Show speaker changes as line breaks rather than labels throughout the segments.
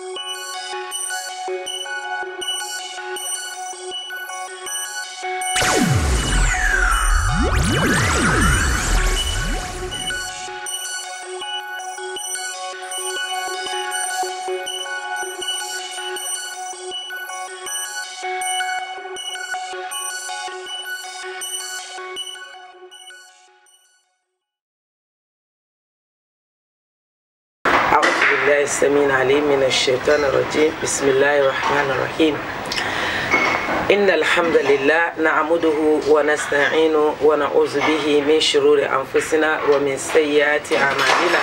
Música السميع العليم من الشيطان الرجيم بسم الله الرحمن الرحيم إن الحمد لله نعمده ونستعينه ونعوذ به من شرور أنفسنا ومن سيئات أعمالنا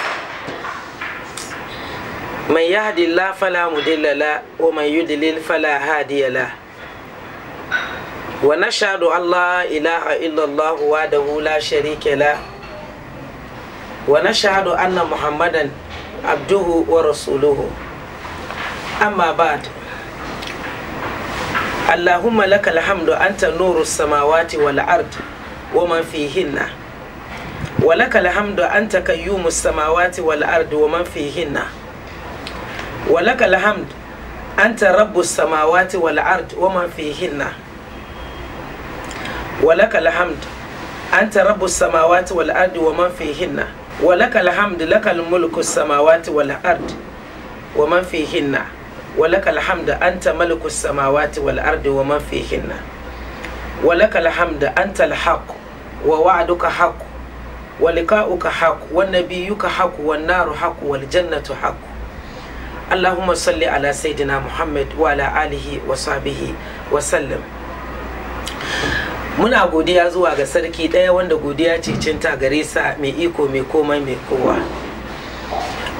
من يهد الله فلا مضل له ومن يضلل فلا هادي له ونشهد أن لا إله إلا الله وحده لا شريك له ونشهد أن محمدا abduhu wa rasuluhu amma ba'd Allahumma laka alhamdu anta nuru samawati wal ard wa man fihinna wa laka alhamdu anta kayyumu samawati wal ard wa man fihinna wa laka alhamdu anta rabbu samawati wal ard wa man fihinna wa laka alhamdu anta rabbu samawati wal ard wa man fihinna wa lakal hamd lakal mulku samawati wal ard wa man fihinna wa lakal hamd anta mulku samawati wal ard wa man fihinna wa lakal hamd anta al haqq wa wa'duka haqq wa liqa'uka haqq wa nabiyyuka haqq wan naru haqq wal jannatu haqq اللهم صل على سيدنا محمد وعلى آله وصحبه وسلم muna godiya zuwa ga sarki ɗaya wanda godiya ce cinta gare sa mai iko mai komai mai kowa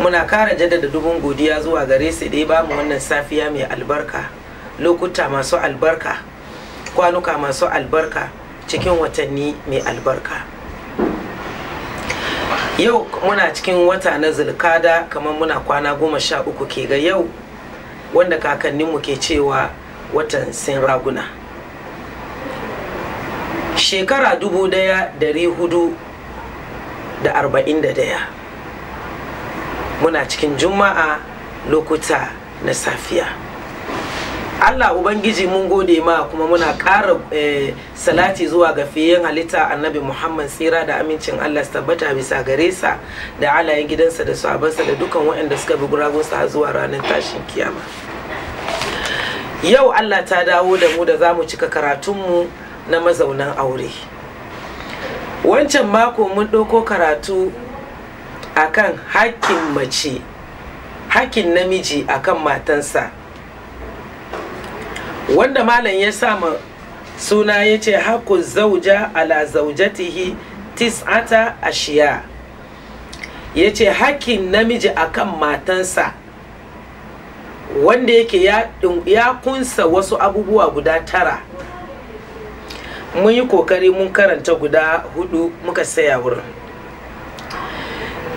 muna kara jaddada dubun godiya zuwa gare su da ya bamu wannan safiya mai albarka lokuta masu albarka kwanuka masu albarka cikin watanni mai albarka yau muna cikin wata na zulkada kamar muna kwana goma sha uku ke ga yau wanda kakanninmu ke cewa watan sin raguna shekara dubu daya dari hudu da arba'in da daya muna cikin juma'a lokuta na safiya allah ubangiji mun gode ma kuma muna ƙara eh, salati zuwa ga fiyen halitta annabi muhammad tsira da amincin allah su tabbata bisa gare sa da alayen gidansa da sabansa da dukan waɗanda suka bi guragunsa zuwa ranar tashin kiyama yau allah ta dawo da mu da za mu cika karatunmu na mazaunan aure wancan mako mun ɗauko karatu akan hakkin mace hakkin namiji akan matansa wanda malam ya sama suna ya ce hakkun zauja ala zaujatihi tis'ata ashiya ya ce hakkin namiji akan matansa wanda yake ya kunsa wasu abubuwa guda tara mun yi kokari mun karanta guda hudu muka saya wurin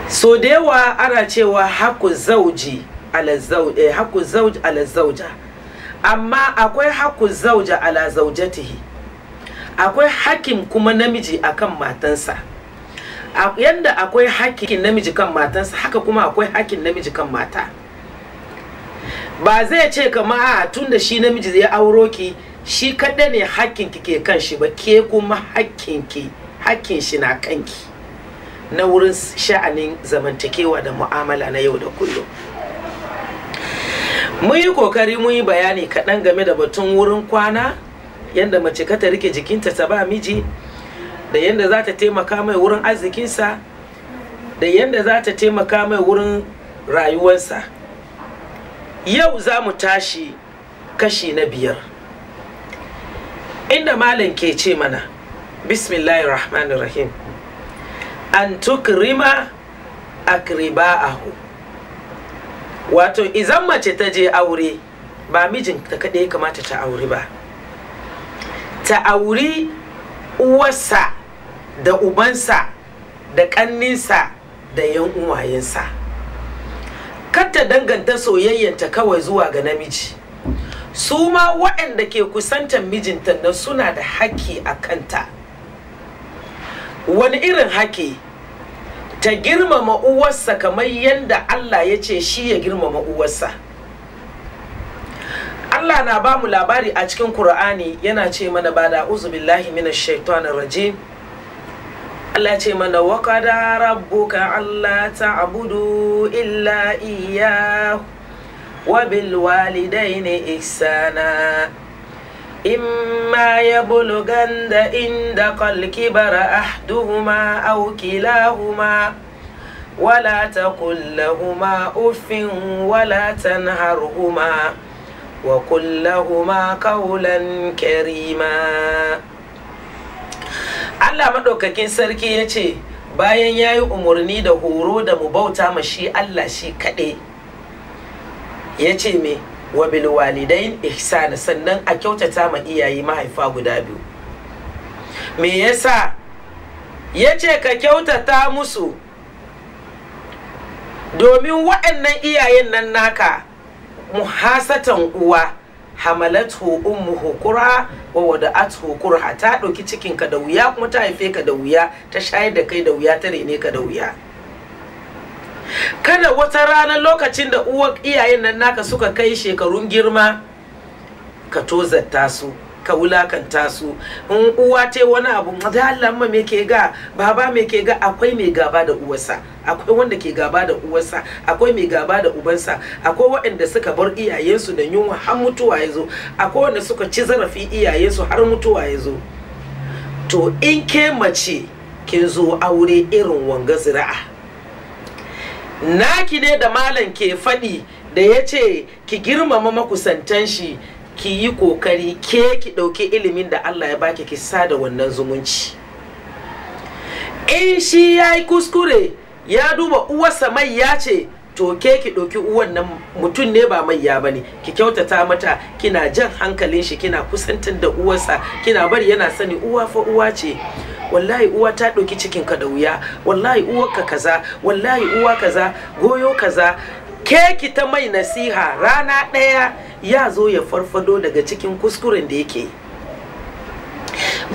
so da yawa ana cewa haku zauji ala zauja eh, haku zauji ala zauja amma akwai haku zauja ala zaujatihi akwai hakim kuma namiji akan matansa yadda akwai hakin namiji kan matansa haka kuma akwai hakin namiji kan mata ba zai ce kama tun da shi namiji zai auro ki shi kaɗai ne hakkin ki ke kan shi ba ke kuma hakkin hakkin shi na kanki na wurin sha'anin zamantakewa da mu'amala na yau da kullum mun yi kokari mun yi bayani kaɗan game da batun wurin kwana yadda mace ka ta rike jikinta ta ba miji da yadda za ta taimaka mai wurin arzikinsa da yadda za ta taimaka mai wurin rayuwarsa yau za mu tashi kashi na biyar inda malam ke ce mana bismillahir rahmanir rahim an tukrima akriba'ahu wato izan mace ta je aure ba mijin ta kaɗai kamata ta aure ba ta auri uwarsa da ubansa da ƙanninsa da yan uwayensa kar ta danganta soyayyanta kawai zuwa ga namiji su ma waɗanda ke kusantar mijinta da suna da haƙƙi a kanta wani irin haƙƙi ta girmama uwarsa kamar yadda Allah ya ce shi ya girmama uwarsa Allah na ba mu labari a cikin Kur'ani yana ce mana ba da uzubillahi mina shaitanin rajim Allah ce mana waka da rabbuka Allah ta abudu illa iyahu wabil walidai ne isana in ma ya bulu ganda inda kalki bara a duhuma a wukila huma wala ta kulla wala ta nahar wa kulla kawulan kerima Allah maɗaukakin sarki ya ce bayan ya yi umarni da horo da mu bauta mashi Allah shi kaɗai ya ce me wa bil ihsana sannan a kyautata ma iyaye mahaifa guda biyu me yasa ya ce ka kyautata musu domin waɗannan iyayen nan naka muhasatan uwa hamalatu ummuhu qura wa wada'atuhu Hukura ta ɗauki cikinka da wuya kuma ta haife ka da wuya ta shayar da kai da wuya ta rene ka da wuya kada wata rana lokacin da uwa iyayen nan naka suka kai shekarun girma ka tozarta su ka wulakanta su in uwa ta wani abu da Allah ma me ke ga baba me ke ga akwai mai gaba da uwarsa akwai wanda ke gaba da uwarsa akwai mai gaba da ubansa akwai waɗanda suka bar iyayensu da yunwa har mutuwa ya zo akwai wanda suka ci zarafi iyayensu har mutuwa ya zo to in ke mace kin zo aure irin wanga zira'a naki ne da malam ke faɗi da ya ce ki girmama makusantan shi ki yi kokari ke ki ɗauki ilimin da Allah ya baki ki sa da wannan zumunci in shi ya yi kuskure ya duba uwarsa mai ya ce to ke ki ɗauki uwan nan mutum ne ba mai ya bane ki kyautata mata kina jan hankalin shi kina kusantar da uwarsa kina bari yana sani uwa fa uwa ce wallahi uwa ta ɗauki cikin ka da wuya wallahi uwarka kaza wallahi uwa kaza goyo kaza keki ta mai nasiha rana ɗaya ya zo ya farfado daga cikin kuskuren da yake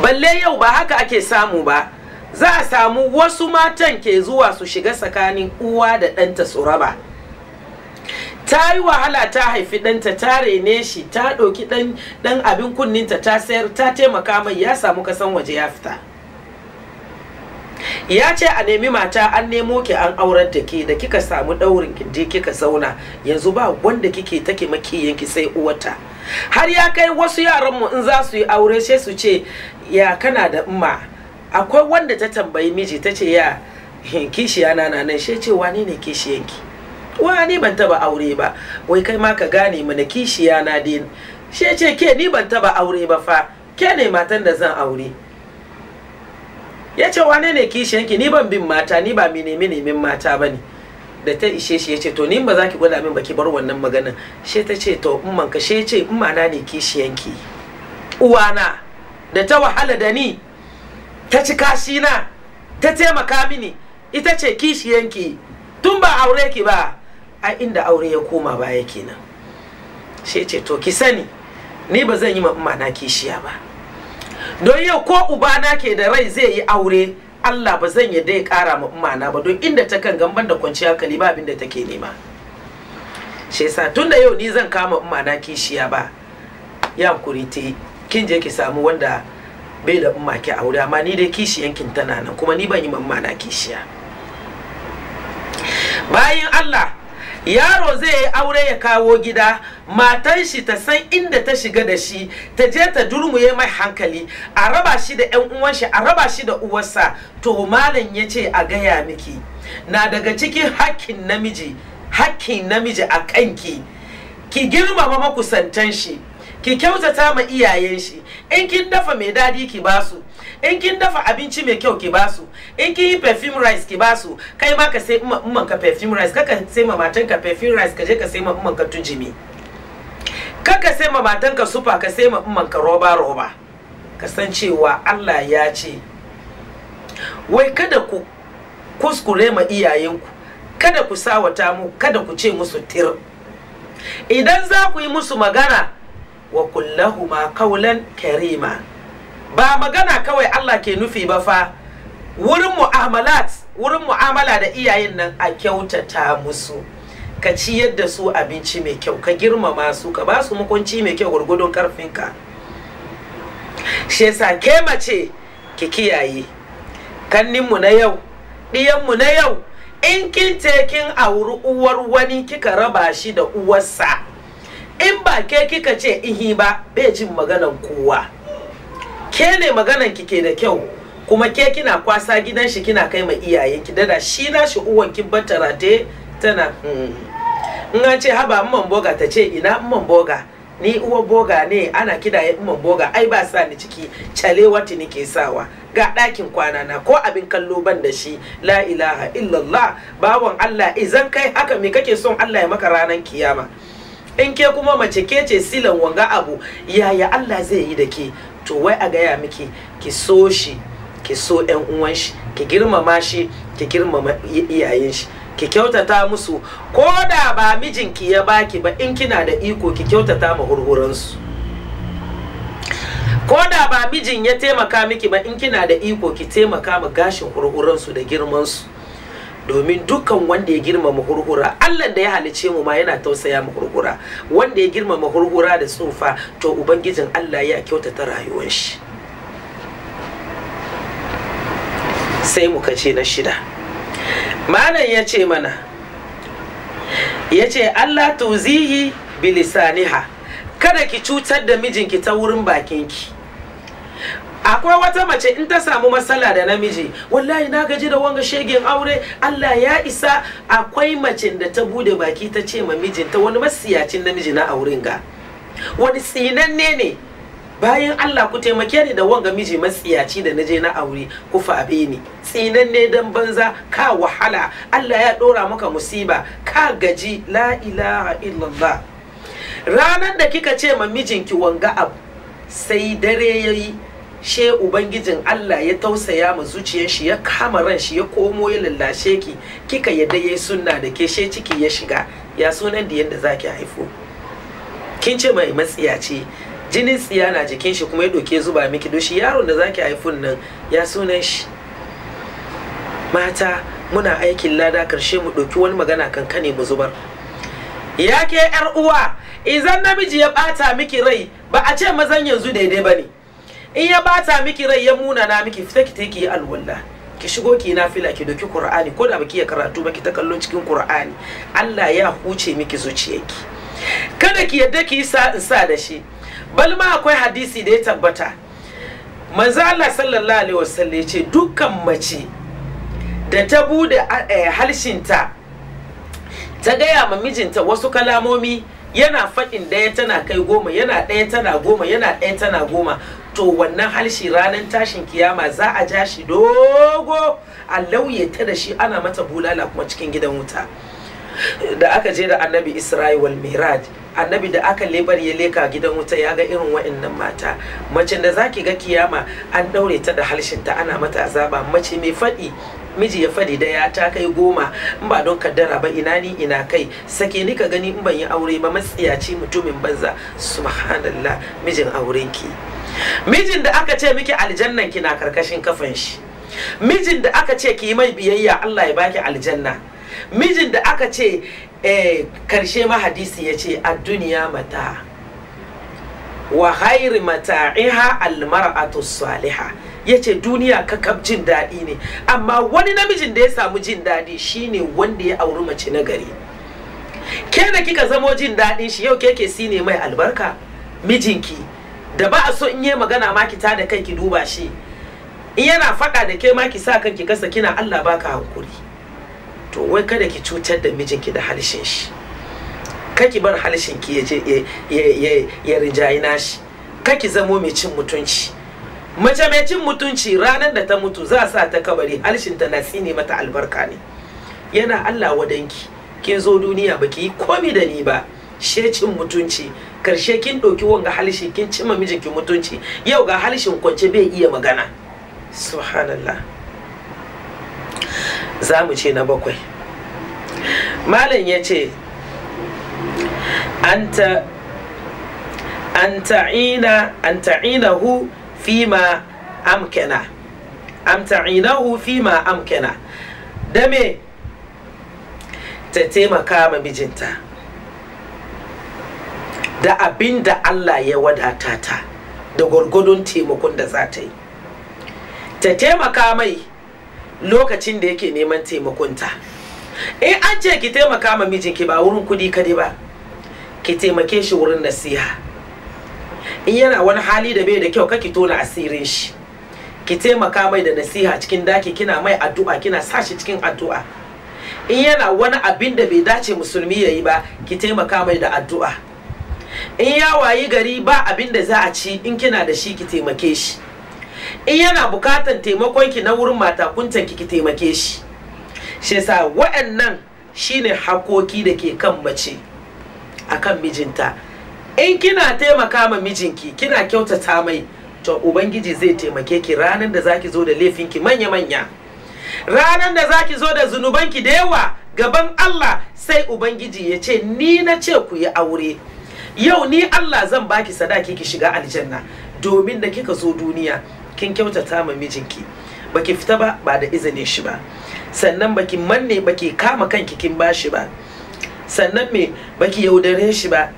balle yau ba haka ake samu ba za a samu wasu matan ke zuwa su shiga tsakanin uwa da ɗanta su raba ta yi wahala ta haifi ɗanta ta rene shi ta ɗauki ɗan abin kunninta ta sayar ta taimaka mai ya samu kasan waje ya fita ya ce a nemi mata an nemo ki an auren ta ke da kika samu daurin ki je kika zauna yanzu ba wanda kike take makiyin ki sai uwata har ya kai wasu yaran mu in za su yi aure sai su ce ya kana da umma akwai wanda ta tambayi miji ta ce ya kishiya na nan sai ce wane ne kishiyanki wani ban taba aure ba wai kai ma ka gane mana kishiya na din sai ce ke ni ban taba aure ba fa ke ne matan da zan aure ya ce wane ne kishiyanki ni ban bin mata ni ba mini nemin mata ba ne da ta ishe shi ya ce to ni ba za ki gwada min ba ki bar wannan maganin shi ta ce to umman ka shi ce ummana ne kishiyanki uwana da ta wahala da ni ta ci kashi na ta taimaka mini ita ce kishiyanki tun ba aure ki ba a inda aure ya koma baya kenan shi ce to ki sani ni ba zan yi ma ummana kishiya ba don yau ko ubana ke da rai zai yi aure Allah ba zan yadda ya kara ma umana ba don inda ta kan gamban da kwanciya Kali ba abinda da take nema shi yasa tun da yau ni zan kama umana kishiya ba ya kuri te kin je ki samu wanda bai da umma ke aure amma ni dai kishiyan kin tana nan kuma ni ban yi umana kishiya bayan Allah yaro zai yi aure ya kawo gida matan shi ta san inda ta shiga da shi ta je ta durmuye mai hankali a raba shi da yan uwan shi a raba shi da uwarsa to malam ya ce a gaya miki na daga cikin hakkin namiji hakkin namiji a kanki ki girmama makusantan shi ki kyautata ma iyayen shi in kin dafa mai dadi ki basu in kin dafa abinci mai kyau ki basu in kin yi perfume rice ki basu kai ma ka sai umman ka perfume rice kaka sai ma matan ka perfume rice ka je ka sai ma umman ka tujimi kaka sai ma matan ka supa ka sai ma umman ka roba roba ka san cewa Allah ya ce wai kada ku kuskure ma iyayenku kada ku sawata mu kada ku ce musu tir idan za ku yi musu magana wa kullahu ma kaulan karima ba magana kawai Allah ke nufi ba fa wurin mu'amalat wurin mu'amala da iyayen nan a kyautata musu ka ciyar da su abinci mai kyau ka girmama su ka ba su mukunci mai kyau gwargwadon karfinka shi yasa ke mace ki kiyaye kanninmu na yau mu na yau in kin kin auri uwar wani kika raba shi da uwarsa in ba ke kika ce ihi ba bai jin maganan kowa ke ne maganan ki ke da kyau kuma ke kina kwasa gidan shi kina kai ma iyaye ki dada shi na shi uwan kin bata tana hmm. in an ce haba man boga ta ce ina man boga ni uwa boga ne ana kidaye man boga ai ba sa ni ciki cale wata nike sawa ga ɗakin kwana na ko abin kallo ban da shi la ilaha illallah bawon Allah izan kai haka me kake son Allah ya maka ranan kiyama in ke kuma mace ke ce silan wanga abu yaya Allah zai yi da ke to wai a gaya miki ki so shi ki so yan uwan shi ki girmama shi ki girmama iyayen shi ki kyautata musu ko da ba mijinki ya baki ba in kina da iko ki kyautata ma hurhuransu ko da ba mijin ya taimaka miki ba in kina da iko ki taimaka ma gashin hurhuransu da girmansu domin dukkan wanda ya girmama hurhura Allah da ya halice mu ma yana tausaya mahurhura wanda ya girmama hurhura da tsufa to ubangijin Allah ya kyautata rayuwar shi sai mu kace na shida malam ya ce mana ya ce Allah tuzihi bilisaniha kada ki cutar da mijinki ta wurin bakinki akwai wata mace in ta samu matsala da namiji wallahi na gaji da wanga shegen aure Allah ya isa akwai mace da ta bude baki ta ce ma mijinta wani masiyacin namiji na auren ga wani tsinanne ne bayan Allah ku taimake ni da wanga miji matsiyaci da naje na aure ku fabe ni tsinanne dan banza ka wahala Allah ya dora maka musiba ka gaji la ilaha illallah ranar da kika ce ma mijinki wanga abu sai dare yayi she ubangijin Allah ya tausaya ma zuciyar shi ya kama ran shi ya komo ya lallashe ki kika yadda yayi sunna da ke she ciki ya shiga ya sunan da yadda zaki haifu? kin ce mai matsiya ce jinin tsiya na jikin shi kuma ya doke zuba miki doshi yaron da zaki haifun nan ya sunan shi mata muna aikin lada karshe mu ɗauki wani magana kankane mu zubar ya ke yar uwa idan namiji ya ɓata miki rai ba a ce mazan yanzu daidai ba ne in ya bata miki rai ya munana miki fita ki take yi alwala ki shigo ki nafila ki doki qur'ani ko da baki ya karatu baki ta kallon cikin qur'ani Allah ya huce miki zuciyarki kada ki yadda ki sa in sa da shi bal ma akwai hadisi da ya tabbata manzo Allah sallallahu alaihi wasallam ya ce dukkan mace da ta bude eh, halshinta ta gaya ma mijinta wasu kalamomi yana faɗin ɗaya tana kai goma yana ɗaya tana goma yana ɗaya tana goma to wannan halshi ranar tashin kiyama za a ja shi dogo a lauyeta da shi ana mata bulala kuma cikin gidan wuta da aka je da annabi Israewal wal miraj annabi da aka lebar ya leka gidan wuta ya ga irin wa'annan mata macin da zaki ga kiyama an daure ta da halshinta ana mata azaba mace mai faɗi miji ya faɗi da ya ta kai goma in ba don kaddara ba ina ni ina kai sake ni ka gani in ban yi aure ba matsiyaci mutumin banza subhanallah mijin aurenki ki mijin da aka ce miki aljannan ki na karkashin kafan shi mijin da aka ce ki mai biyayya Allah ya baki aljanna mijin da aka ce eh, karshe ma hadisi ya ce a duniya mata wa khairi mata'iha almar'atu ya ce duniya kakab jin daɗi ne amma wani namijin da ya samu jin daɗi shine wanda ya auri mace na gari ke da kika zamo jin daɗin shi yau keke si ne mai albarka mijinki da ba a so in yi magana ma ki da kanki duba shi in yana faɗa da ke ma ki sa kanki kasa kina Allah baka hankuri to wai kada ki cutar da mijinki da halishin shi kaki bar halishin ki ya ya rinjayi nashi kaki zamo mai cin mutunci mace mai cin mutunci ranar da ta mutu za sa ta kabari halishin ta na ne mata albarka ne yana Allah wadanki kin zo duniya baki yi komi da ni ba shecin mutunci karshe kin ɗauki wanga halishi kin cima mijinki mutunci yau ga halishin kwance bai iya magana subhanallah za mu ce na bakwai malam ya ce an ta'inahu hu amkana fi ma amkana dame ta taimaka ma mijinta da abin da Allah ya wadata ta da gwargwadon taimakon da za ta yi ta taimaka mai lokacin da yake neman taimakonta in an ce ki taimaka ma mijinki ba wurin kudi kadai ba ki taimake shi wurin nasiha in yana wani hali da bai da kyau kake tona asirin shi ki taimaka mai da nasiha cikin daki kina mai addu'a kina sa shi cikin addu'a in yana wani abin da bai dace musulmi ya yi ba ki taimaka mai da addu'a in ya wayi gari ba abin da za a ci in kina da shi ki taimake shi in yana bukatan taimakon ki na wurin matakuntan ki ki taimake shi shi yasa waɗannan shine hakoki da ke kan mace akan mijinta in kina taimaka ma mijinki kina kyautata mai to ubangiji zai taimake ki ranar da zaki zo da laifinki manya-manya ranar da zaki zo da zunubanki da yawa gaban Allah sai ubangiji ya ce ni na ce ku yi aure yau ni Allah zan baki sadaki ki shiga aljanna domin da kika zo duniya kin kyautata ma mijinki baki fita ba ba da izinin shi ba sannan baki manne baki kama kanki kin bashi ba sannan me baki yaudare shi ba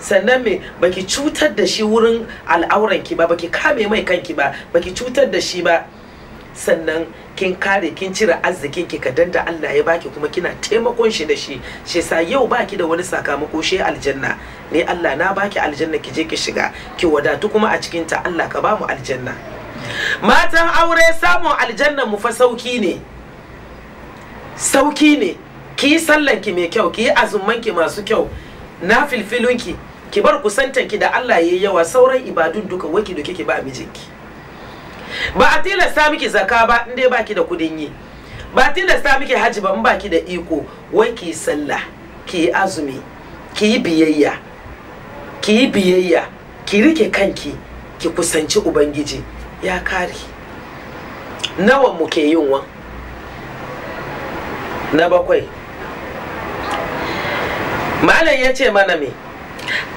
sannan me baki cutar da shi wurin al'auranki ba baki kame mai kanki ba baki cutar da shi ba sannan kin kare kin cire arzikin ki kadan da Allah ya baki kuma kina taimakon shi da shi shi yau baki da wani sakamako shi aljanna ne Allah na baki aljanna ki je ki shiga ki wadatu kuma a cikin ta Allah ka bamu aljanna matan aure samun aljanna mu fa sauki ne sauki ne ki yi sallanki mai kyau ki yi ki masu kyau na filfilun ki ki bar kusantanki da Allah yayi yawa sauran ibadun duka waki duke ki ba mijinki ba a tilasta miki zaka ba in dai baki da kudin yi ba tilasta miki hajji ba in baki da iko wai ki sallah ki azumi ki biyayya ki yi biyayya ki rike kanki ki kusanci ubangiji ya kare nawa muke ke yin wa na bakwai malam ya ce mana me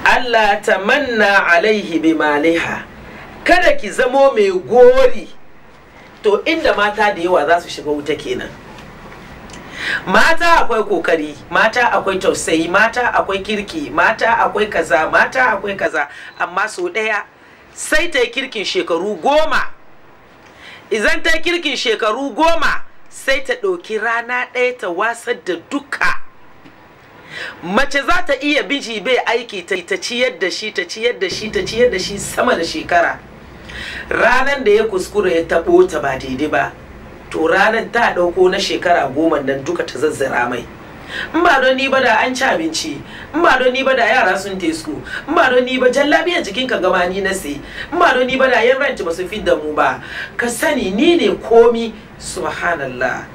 allah ta manna alaihi bi maliha kada ki zamo mai gori to inda mata da yawa za su shiga wuta kenan mata akwai kokari mata akwai tausayi mata akwai kirki mata akwai kaza mata akwai kaza amma sau ɗaya sai ta yi kirkin shekaru goma izan ta yi kirkin shekaru goma sai ta ɗauki rana ɗaya ta wasar da duka mace za ta iya biji bai aiki ta ciyar da shi ta ciyar da shi ta ciyar da shi sama da shekara ranar da ya kuskura ya taɓo ta ba daidai ba to ranar ta ɗauko na shekara goma nan duka ta zazzara mai in ba don ni ba da an ci abinci in ba don ni ba da yara sun tesku in ba don ni ba jallabiyan jikin ka gama ni na sai in ba don ni ba da yan ranci ba su fi da mu ba ka sani ni ne komi subhanallah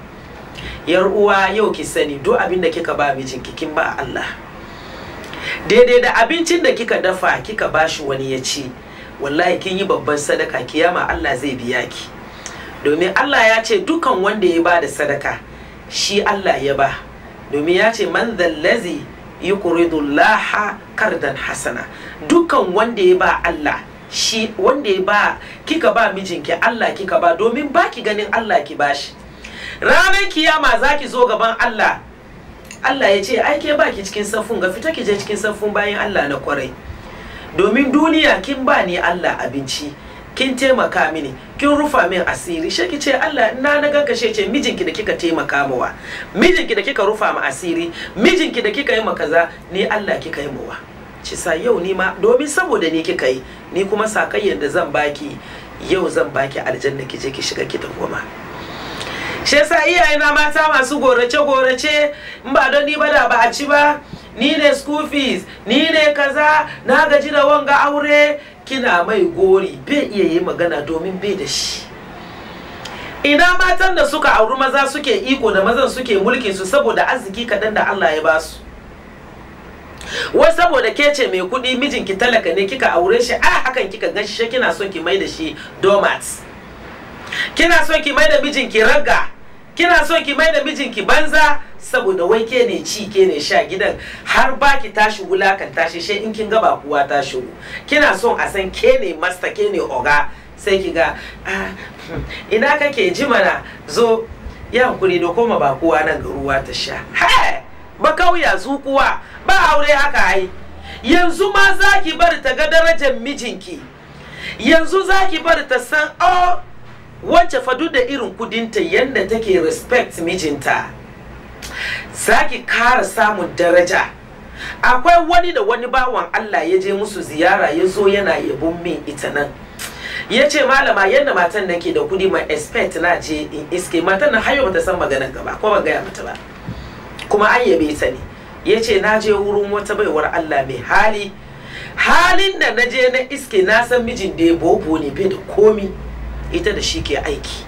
yar uwa yau ki sani duk abin da kika ba mijinki kin ba Allah daidai da abincin da kika dafa kika bashi wani ya ci wallahi kin yi babban sadaka kiyama Allah zai biya ki domin Allah ya ce dukan wanda ya ba da sadaka shi Allah ya ba domin ya ce man zallazi yuqridullaha kardan hasana dukan wanda ya ba Allah shi wanda ya ba kika ba mijinki Allah kika ba domin ba ki ganin Allah ki bashi ranar kiyama zaki zo gaban Allah Allah ya ce ai ke ki cikin safun ga fita ki je cikin safun bayan Allah na kwarai domin duniya kin ba ni Allah abinci kin taimaka mini kin rufa min asiri she ki ce Allah na na ganka she ce mijinki da kika taimaka mawa mijinki da kika rufa ma asiri mijinki da kika yi ma kaza ni Allah kika yi mawa ci sa yau ni ma domin saboda ni kika yi ni kuma sakayyar da zan baki yau zan baki aljanna ki je ki shiga ki koma shi yasa iyayena mata masu gorace gorace in ba don ni ba da ba a ci ba ni ne school fees ni ne kaza na gaji da wanga aure kina mai gori bai iya yi magana domin bai da shi ina matan da suka auri maza suke iko da mazan suke mulkin su saboda arziki kaɗan da Allah ya ba su wai saboda ke ce mai kuɗi mijinki talaka ne kika aure shi a hakan kika gan shi kina son ki mai da shi domat kina son ki mai da mijinki ragga kina so ki mai da mijinki banza saboda wai ke ne ci ke ne sha gidan har ba ki tashi kan tashi shi in kin ga ba kuwa ta shigo kina son a san ke ne masta ke ne oga sai ki ga ah, hmm, ina kake ji mana zo ya hankuri da koma ba kuwa nan ga ruwa ta sha ba kauya zukuwa ba aure haka ai yanzu ma za ki bari ta ga darajar mijinki yanzu za ki bari ta san oh wance fa duk da irin kudinta yadda take respect mijinta zaki kara samun daraja akwai wani da wani bawan Allah ya je musu ziyara ya zo yana yabon min ita nan ya ce malama yadda matan nake da kudi ma expect na je in iske matan na hayo bata san maganar gaba ko ban gaya mata ba kuma an yabe ta ne ya ce na je wurin wata baiwar Allah mai hali halin da na je na iske na san mijin da ya bobo ne bai da komi ita da shi ke aiki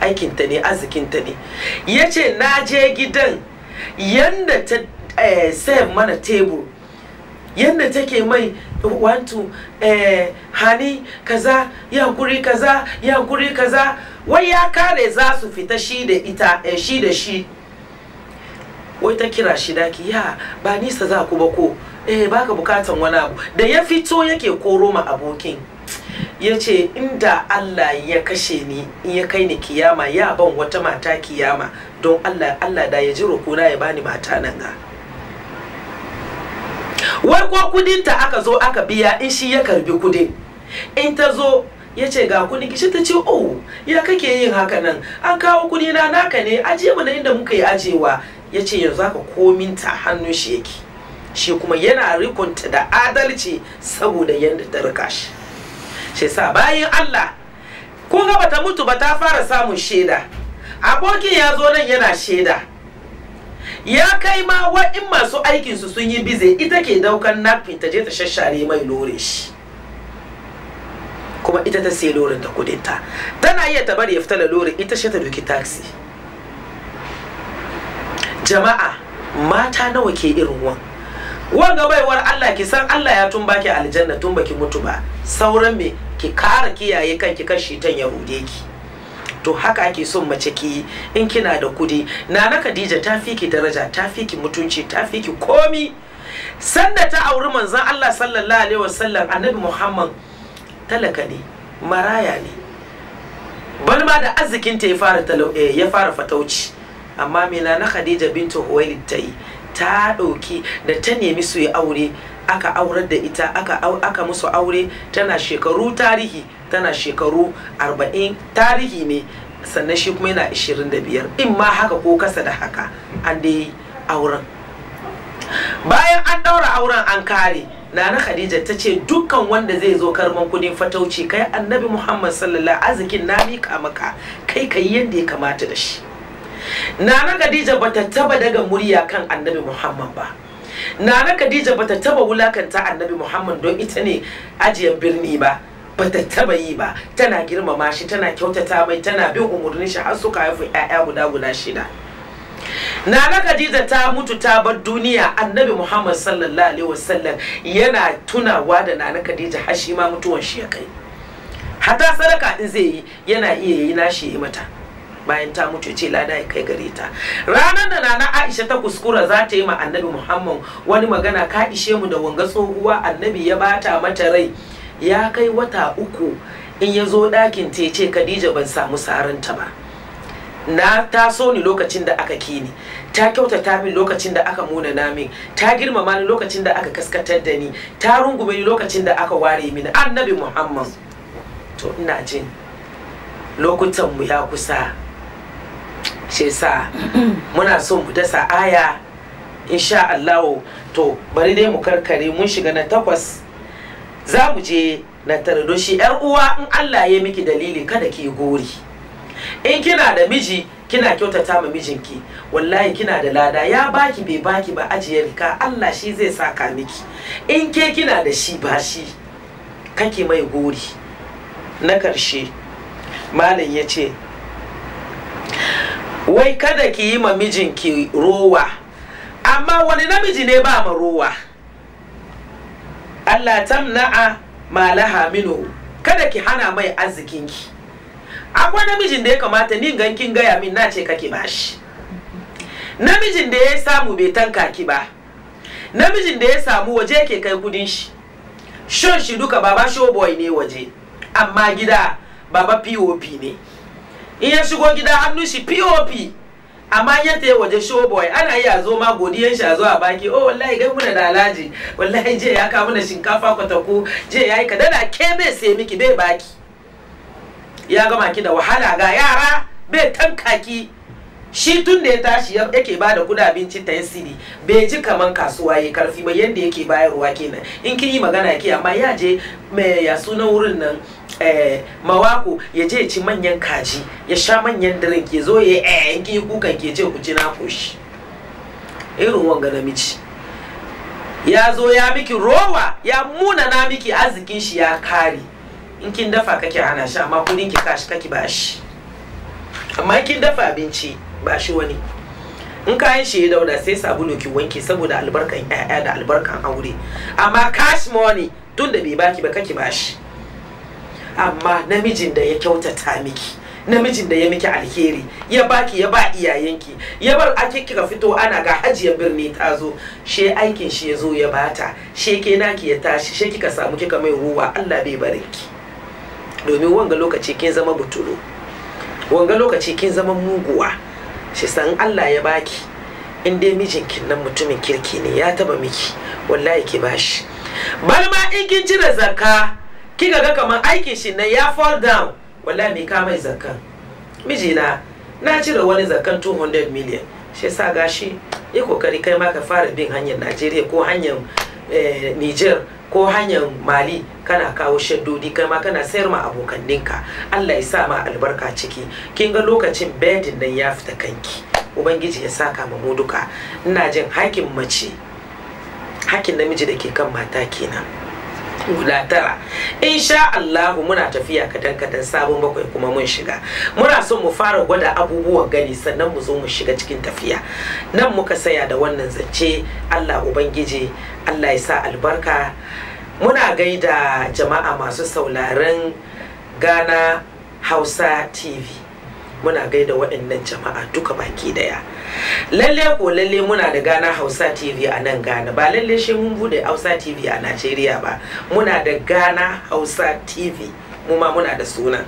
aikinta ne arzikinta ne ya ce na je gidan yadda ta eh, mana tebur yadda take mai wantu eh, hani kaza yankuri kaza yankuri kaza wai ya kare za su fita shi da ita eh, shi da shi wai ta kira shi daki ya ba nisa za ku ba ko eh baka bukatan wani abu da ya fito yake koro ma abokin ya ce inda Allah ya kashe ni in ya kai ni kiyama ya ban wata mata kiyama don Allah Allah da ya ji rukuna ya bani mata nan ga wai ko kudin ta aka zo aka biya in shi ya karbi kudin in ta zo ya ce ga kudi kishi ta ce oh ya kake yin haka nan an kawo kudi na naka ne Aje mu na inda muka yi ajewa ya ce yanzu haka kominta hannun shi yake shi kuma yana rikonta da adalci saboda yadda ta rika shi shi sa bayan Allah kun ga bata mutu ba ta fara samun shaida abokin ya zo nan yana shaida ya kai ma wa'in masu aikinsu sun yi bize ita ke daukan nafi ta je ta shashare mai lore shi kuma ita ta sai lorin da kudinta tana iya ta bari ya fita da lorin ita shi ta doki taxi jama'a mata nawa ke irin wan wanga baiwar Allah ki san Allah ya tun baki aljanna tun baki mutu ba sauran me ki kara kiyaye kanki kan shitan ya hude ki to haka ake son mace ki in kina da kudi nana Khadija ta fi ki daraja ta fi ki mutunci ta fi ki komi sanda ta auri manzon Allah sallallahu alaihi wasallam annabi Muhammad talaka ne maraya ne bani ma da arzikinta eh, ya fara fatauci amma me nana Khadija bintu Huwailid ta yi ta ɗauki da ta nemi su yi aure aka aurar da ita aka, musu aure tana shekaru tarihi tana shekaru 40 tarihi ne sannan shi kuma yana 25 in ma haka ko kasa da haka an dai auren bayan an ɗaura auren an kare nana khadija ta ce dukkan wanda zai zo karman kudin fatauci kai annabi muhammad sallallahu arzikin na mika maka kai kai yadda ya kamata da shi nana khadija bata taba daga murya kan annabi muhammad ba nana khadija bata taba wulakanta annabi muhammad don ita ne ajiyar birni ba bata taba yi ba tana girmama shi tana kyautata mai tana bin umarnin shi har suka haifu 'ya'ya guda guda shida Nana Khadija ta mutu ta bar duniya Annabi Muhammad sallallahu alaihi wasallam yana tunawa da Nana Khadija har shi ma mutuwan shi ya kai. Hata sadaka in zai yi yana iya yi nashi yi mata. bayan ta mutu ce lada ya kai gare ta ranar da nana aisha ta kuskura za ta yi ma annabi muhammad wani magana ka ishe mu da wanga tsohuwa annabi ya bata mata rai ya kai wata uku in ya zo ɗakin ta ce khadija ban samu saranta ba na ta so ni lokacin da aka kini ta kyautata min lokacin da aka muna min ta girmama ni lokacin da aka kaskatar da ni ta rungume ni lokacin da aka ware mini annabi muhammad to ina jin lokutan mu ya kusa shi sa muna so mu dasa aya insha Allah to bari dai mu karkare mun shiga na takwas za mu je na tarado shi yar uwa in Allah ya miki dalili kada ki gori in kina da miji kina kyautata ma mijinki wallahi kina da lada ya baki bai baki ba ajiyar ka Allah shi zai saka miki in ke kina da shi ba shi kake mai gori na karshe malam ya ce wai kada ki yi ma mijinki rowa amma wani namiji ne ba ma rowa Allah tamna'a malaha minu kada ki hana mai arzikinki akwai namijin da ya kamata ni gankin gaya min na ce kake shi. namijin da ya samu bai tanka ki ba namijin da ya samu waje ke kai kudin shi shon shi duka baba showboy ne waje amma gida baba pop ne in ya shigo gida hannu shi pop amma ya ta waje showboy ana iya zo ma godiyan shi a zo a baki oh wallahi gai muna da alaji wallahi je ya kawo mana shinkafa kwatako je ya yi ka dana ke bai sai miki bai baki ya gama ki da wahala ga yara bai ki shi tun da ya tashi yake ba da kuda abinci ta siri bai ji kamar kasuwa ya karfi ba yadda yake bayarwa kenan in kin yi magana ki amma ya je mai ya sunan wurin nan Eh, mawaku ya je ci manyan kaji ya sha manyan drink ya zo ya yi yanki kuka ke ce ku ci na koshi irin wanga namiji ya zo ya miki rowa ya muna na miki arzikin shi ya kare in kin dafa kake ana shi amma kudin ki kashi kake ba shi amma kin dafa abinci bashi wani in kayan shi ya dauda sai sabulu ki wanke saboda albarkan 'ya'ya da albarkan aure amma cash money tun da bai baki ba kake bashi. amma namijin da ya kyautata miki namijin da ya miki alheri ya baki ya ba iyayenki ya bar ake kika fito ana ga hajiya birni ta zo she aikin shi ya zo ya bata she ke naki ya tashi she kika samu kika mai ruwa Allah bai barin ki domin wanga lokaci kin zama butulu wanga lokaci kin zama muguwa shi san Allah ya baki in dai mijinki nan mutumin kirki ne ya taba miki wallahi ki bashi ma in kin cire zakka kika ga kamar aikin shi na ya fall down wallahi mai ka mai mijina na cire wani zakkan 200 million shi sa gashi ya kokari kai ma ka fara bin hanyar Najeriya ko hanyar eh, Niger ko hanyar Mali kana kawo shaddodi kai ma kana sayar ma abokanninka Allah ya sa ma albarka ciki kin ga lokacin bedin nan ya fita kanki ubangiji ya saka ma mu duka ina jin hakin mace hakin namiji da ke kan mata kenan Guda tara insha Allahu muna tafiya kadan kadan sabon bakwai kuma mun shiga muna son mu fara gwada abubuwan gani sannan mu zo mu shiga cikin tafiya nan muka saya da wannan zance Allah ubangiji Allah ya sa albarka muna gaida jama'a masu sauraron Ghana Hausa TV muna gaida waɗannan jama'a duka baki daya lalle ko lalle muna da gana Hausa TV a nan Ghana ba lalle shi mun bude Hausa TV a nigeria ba muna da gana Hausa TV mu ma muna da suna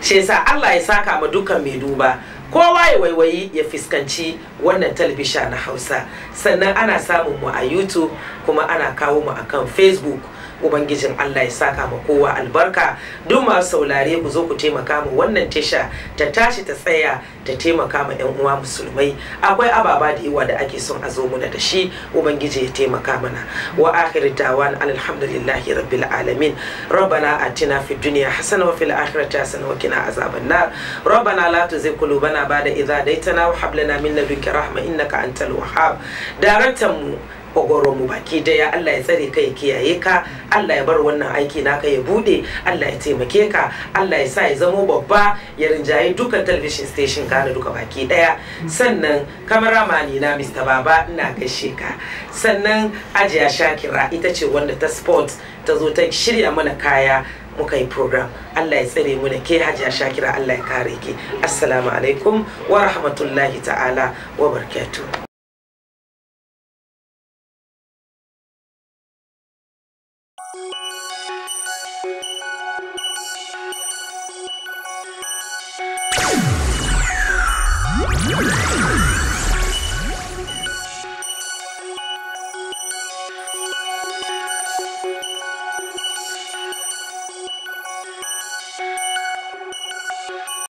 shi yasa Allah ya saka mu duka mai duba kowa ya waiwayi ya fuskanci wannan talabisha na Hausa sannan ana samun mu a YouTube kuma ana kawo mu akan Facebook ubangijin Allah ya saka ma kowa albarka duk masu saulare ku zo ku taimaka mu wannan tasha ta tashi ta tsaya ta taimaka ma yan uwa musulmai akwai ababa da yawa da ake son a zo muna da shi ubangiji ya taimaka mana wa akhiru dawan alhamdulillahi rabbil alamin rabbana atina fid dunya hasana wa fil akhirati hasana wa qina azaban nar rabbana la tuzigh qulubana ba'da idh hadaytana wa hab lana min ladunka rahma innaka antal wahhab daraktan mu mu baki daya Allah ya tsare kai kiyaye ka Allah ya bar wannan aiki naka ya bude Allah ya taimake ka Allah ya sa ya zamo babba ya rinjaye dukkan television station kana duka baki daya sannan kameramani na Mr. Baba ina gaishe ka sannan Ajiya Shakira ita ce wanda ta sport ta zo ta shirya mana kaya muka yi program Allah ya tsare mu da ke hajiya shakira Allah ya kare ki assalamu alaikum wa rahmatullahi ta'ala wa barkatu.